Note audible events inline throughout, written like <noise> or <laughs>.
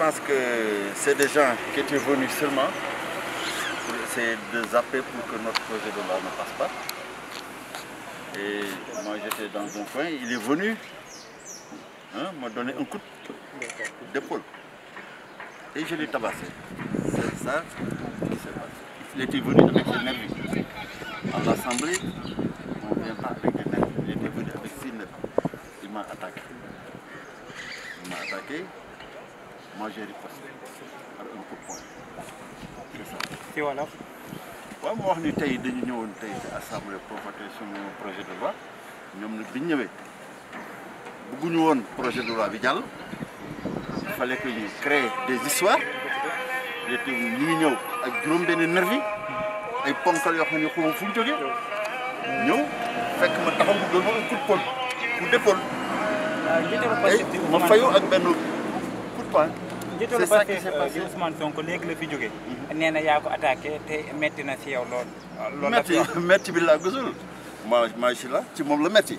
parce que c'est des gens qui étaient venus seulement pour de zapper pour que notre projet de loi ne passe pas. Et moi j'étais dans un coin, il est venu hein, me donner un coup d'épaule. Et je l'ai tabassé. C'est ça qui s'est passé. Il était venu avec ses nervis. À l'Assemblée, on ne pas avec des nervis. Il était venu avec six nervis. Il m'a attaqué. Il m'a attaqué. moi j'ai riposté par un coup de waaw moo wax ni tey dañu ñëwoon tey ci assemblée pour suñu projet de loi ñoom nag bi ñu ñëwee bëgguñu woon projet de loi bi jàll il fallait que ñu créer des histoires ñu ñëw ak juróom-benn nervi ay ponkal yoo xam ne xaw ma fu ñu jógee ñëw fekk ma taxaw mu doon ah, ma un coup de poing coup d'épaule. ma fayu ak quoi. c'est ça qui s'est euh, passé Ousmane Sonko léegi la fi jógee. Mhm. na yaa ko te metti na si yow lool. loolu la fi metti <laughs> metti bi laa gisul. ma si la ci moom la metti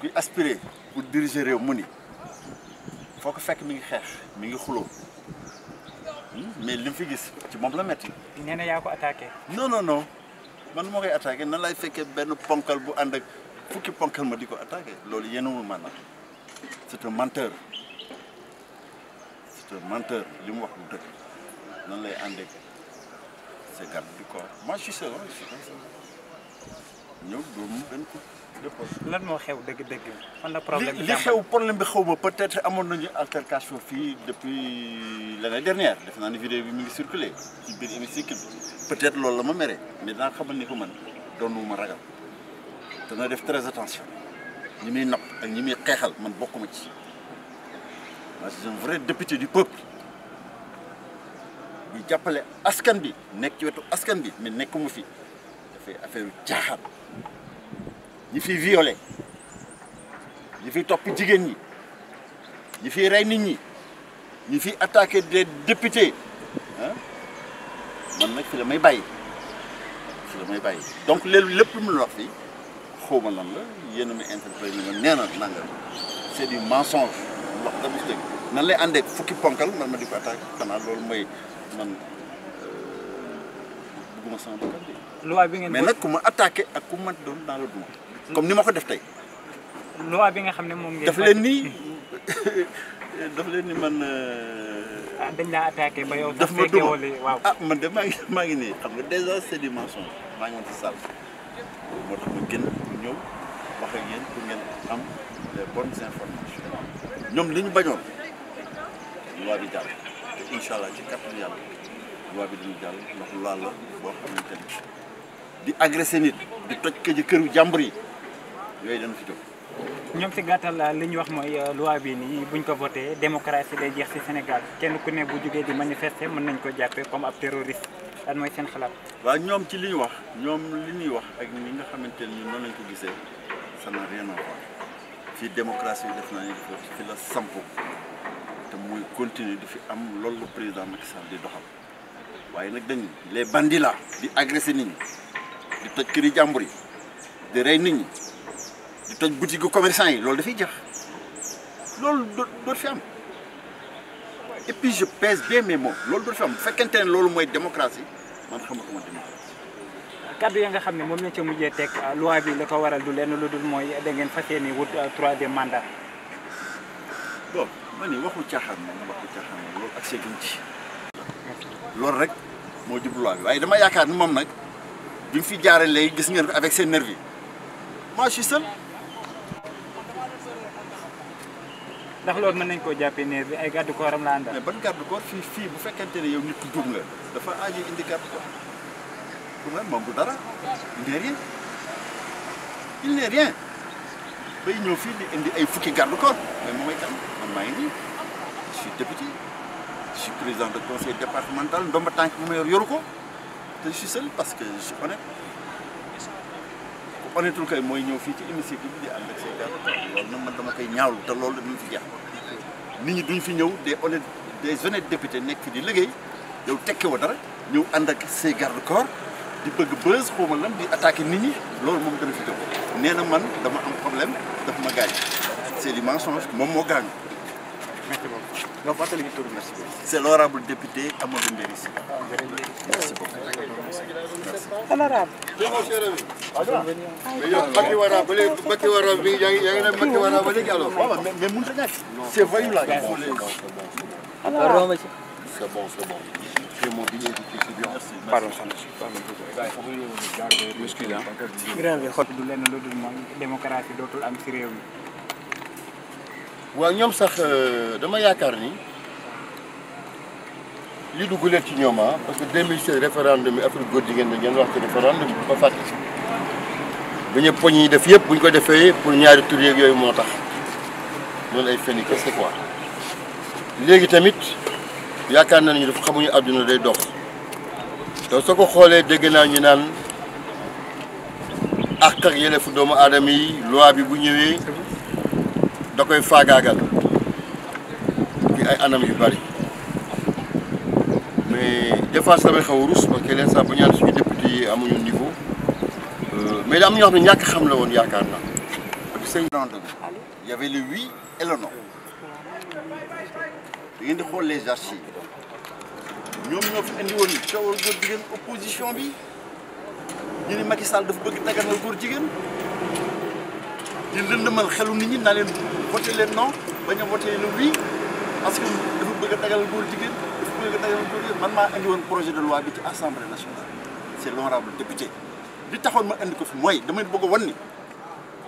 kuy aspirer pour diriger réew mu ni fekk mi ngi xeex mi ngi xuloo hmm? mais li fi gis ci moom la metti nee na yaa ko attaqué. non non non man moo koy nan laay fekkee benn ponkal bu ànd ak fukki ponkal ma di ko attaqué loolu yéenewul maanaam c'est un menteur. imposteur menteur li mu wax lu dëgg lay àndeg ses gardes du corps moi je suis seul je suis comme ça ñëw doomu benn coup xew dëgg la bi li xew problème bi xaw ma peut-être amoon nañu altercation fii depuis l'année dernière def naa ne vidéo bi mu ngi circulé ci biir hémicycle bi peut-être loolu la ma mere mais dinaa xamal ni ko man doonu ma ragal dana def très attention ñi muy napp ak ñi muy xeexal man bokkuma ci. parce que c'est un vrai député du peuple bi jàppale askan bi nekk ci wetu askan bi mais nekk mu fi dafay affaire caaxaan ñi fi violé ñi fi topp jigéen ñi ñi fi rey nit ñi ñi fi attaqué des députés ah man nag fi la may bàyyi fi la bàyyi donc léegi lépp lu mu wax fii xaw ma lan la yéen a ma interpellé ma nee na c'est du mensonge wax dama si dëgg nan lay àndee fukki ponkal man ma di ko attaqué xanaa loolu mooy man euh, bugguma bi. loi bi nag ku ma ak ku ma doon dans le duma comme ni ma ko def tey. bi nga xam ne moom ngeen. daf leen ni <laughs> daf leen ni man. Euh, ah dañ laa attaqué ma duma waaw. Ah, man maa ngi maa ngi nii xam nga déjà c'est du mensonge moo tax ma génn ñëw wax ak yéen ngeen am les bonnes informations ñoom li ñu bañoon. loi bi jàll te incha allah ci kàttan yàlla loi bi dina jàll ndax laal la boo xam di agressé nit di toj këju këru jàmbur yi yooyu dana fi jóg. ñoom si gàttal euh, li ñu wax mooy euh, loi bi nii buñ ko voté démocratie day jeex si Sénégal kenn ku ne bu jógee di manifester mën nañ ko jàppee comme ab terroriste lan seen xalaat. waaw ñoom ci li wax ñoom li ñuy wax ak ñi nga xamanteen ne ñun nañ lañ ko gisee ça n'a rien à fii démocratie bi def naa ni fi la te muy continuer di fi am loolu président Macky Sall di doxal waaye nag dañ les bandits là di agressé nit ñi di toj kër yi jàmbur yi di rey nit ñi di toj boutique commerçant yi loolu dafay jeex loolu doot fi am et puis je bien mes mots loolu doot fi am bu fekkente ne loolu mooy démocratie man xamatuma démocratie kaddu ya nga xam ne moom lañ ca mujjee teg loi bi la ko waral du lenn lu dul mooy da ngeen fas yéene wut euh, troisième mandat bon ma ni waxu caaxaan moom loolu ak seeguñ ci loolu rek moo jubluwaay bi waaye dama yaakaar ni moom nag bi mu fi jaaree léegi gis ngeen ko avec ses nervis moi je suis ndax loolu mën nañ koo jàppee nerf ay gàddu kooram la àndal. mais ban gàddu koor fii fii bu fekkente ne yow nit ku jub nga dafa aaji indi gàddu koor pour moom du dara il n'est bay ñëw fii di indi ay fukki garde corps mais moom mooy kan man maa ngi nii je suis député je suis président de conseil départemental ndomba tànk bu yoru ko te parce que je suis honnête kay mooy ñëw fii ci hémicycle bi di ànd ak say garde corps loolu nag man dama koy ñaawlu te loolu duñ fi jeex nit ñi duñ fi ñëw des honnêtes des honnêtes députés nekk di liggéey yow tekki wa dara ñëw ànd ak say garde corps di bëgg bës xaw ma lan di attaqué nit ñi loolu moom dana fi tëb nee na man dama am problème daf ma gaañ c'est du mensonge moom moo gaañu. nga fàttali ñu tur merci beaucoup. c'est l'honorable député Amadou Ndéry Sy. merci beaucoup. honorable. Macky Wara ba léegi bi yaa ngi yaa ba léegi a ñàkk. c'est pardon soxna si réew mi xot du lenn lu dul moom démocratie dootul am ci réew mi ñoom sax euh, dama yaakaar ni li dugg leen ci ñoom ah parce que 2016 référendum yi affaire góor jigéen bi ngeen wax ci référendum bi ba fàtte si ba ñu poñ yi def yëpp buñ ko defee pour ñaari tur yeeg yooyu moo tax loolu ay fen kese quoi léegi tamit yaakaar na nañu dafa xamuñu àdduna day dox te soo ko xoolee dégg naa ñu naan àq ak yelleefu doomu aadama yi loi bi bu ñëwee da koy faagaagal ci ay anam yu bari mais des fois samay xaw a rus parce sax ba ñaan suñu député yi amuñu niveau euh, mais da am ñoo xam ne ñàkk xam la woon yaakaar naa ak di xool les archives ñoom ñoo fi andi woon coowal góor jigéen opposition bi ñu ni Macky Sall dafa bëgg daganal góor jigéen di lëndëmal xelu nit ñi naa leen voté leen non ba a voté le oui parce que dafa bëgg a man maa andi woon projet de loi bi ci assemblée nationale c' est l'honorable député li taxoon ma indi ko fi mooy damay bëgg a wan ni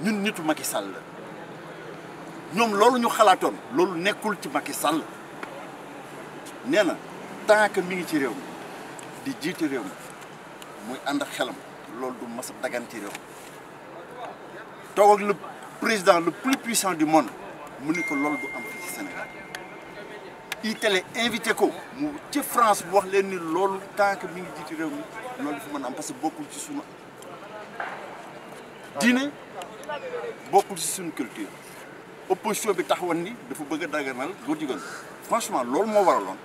ñun nitu Macky Sall la ñoom loolu ñu xalaatoon loolu nekkul ci Macky Sall nee na tant que mi ngi ci réew mi di jiite réew mi muy ànd ak xelam loolu du masa a dagan ci réew toog ak le président le plus puissant du monde mu ni ko loolu du am fii Sénégal itélé invité ko mu ci France bu wax leen ni loolu tant que mi ngi jiite réew mi loolu dafa mën am parce que bokkul ci suñu diine bokkul ci suñu culture opposition bi taxawoon ni dafa bëgg a daganal góor jigéen franchement loolu moo waraloon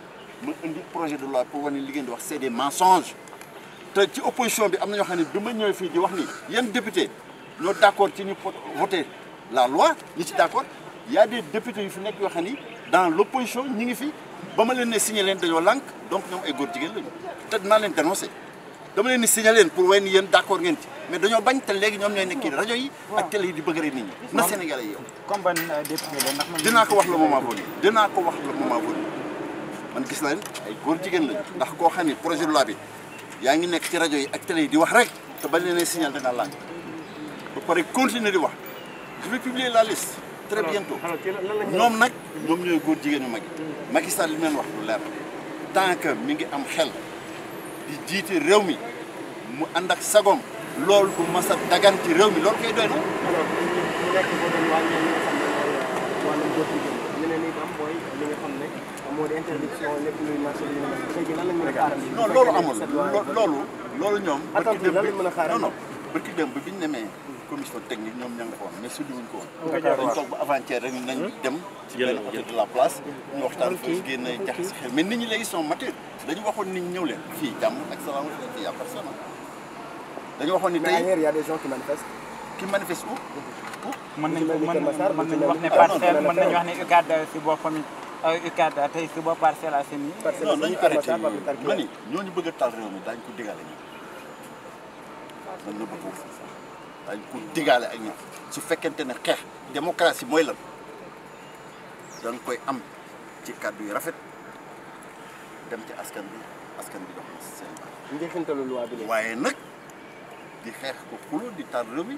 ma indi projet de loi pour wane li ngeen di wax c'est des mensonges te ci opposition bi am na ñoo xam ne bi ma ñëwee fii di wax ni yan député ñoo d'accord ci ñu voter la loi ñi ci d'accord il y a des yu fi nekk yoo xam ni dans l'opposition ñi ngi fi ba ma leen ne signé leen dañoo lànk donc ñoom ay góor jigéen lañu te dinaa leen dénoncer dama leen di signaler leen pour wey ni yéen d'accord ngeen ci mais dañoo bañ te léegi ñoom ñooy nekk rajo yi. Euh, ko wax le moment ko wax le man gis naa ay góor jigéen lañu ndax koo xam ne projet de bi yaa ngi nekk ci rajo yi ak télé yi di wax rek te bañ leen a signal da ngaa laaj ba pare continuer di wax je vais publier la liste très bientôt ñoom nag ñoom ñooy góor jigéen mag yi Macky Sall wax lu leer tant mi ngi am xel di jiite mi mu ànd ak sagoom loolu bu mas dagan ci réew mi loolu koy doy na moo di interdiction lépp a xaaral non loolu amul loolu loolu ñoom attendez lan lañ mën a xaaral dem ba bi ñu demee commission technique ñoom ña nga ko mais sudi wuñ ko woon dañ toog ba avant rek nañ dem ci benn de la place ñu waxtaan foofu génn jax si xel mais nit ñi léegi sont dañu waxoon nit ñi fii jàmm ak salaam fii y'a personne dañu waxoon ni tey mais ailleurs y a des gens qui manifestent mën nañu wax ne ah, parcelle mën nañu wax ne UCAD euh, si boppam UCAD euh, tey suba Parcelles Assainies. non nañu arrêté mani ñooñu bëgg a taal réew mi daañu ko diggaale ñoom. mën na bëgg foofu daañu ko diggaale ak ñoom su fekkente ne xeex démocratie mooy lan dañ koy am ci kàddu yu rafet dem ci askan bi askan bi dox na seen baax. waaye nag di xeex ko xulóo di taal réew mi.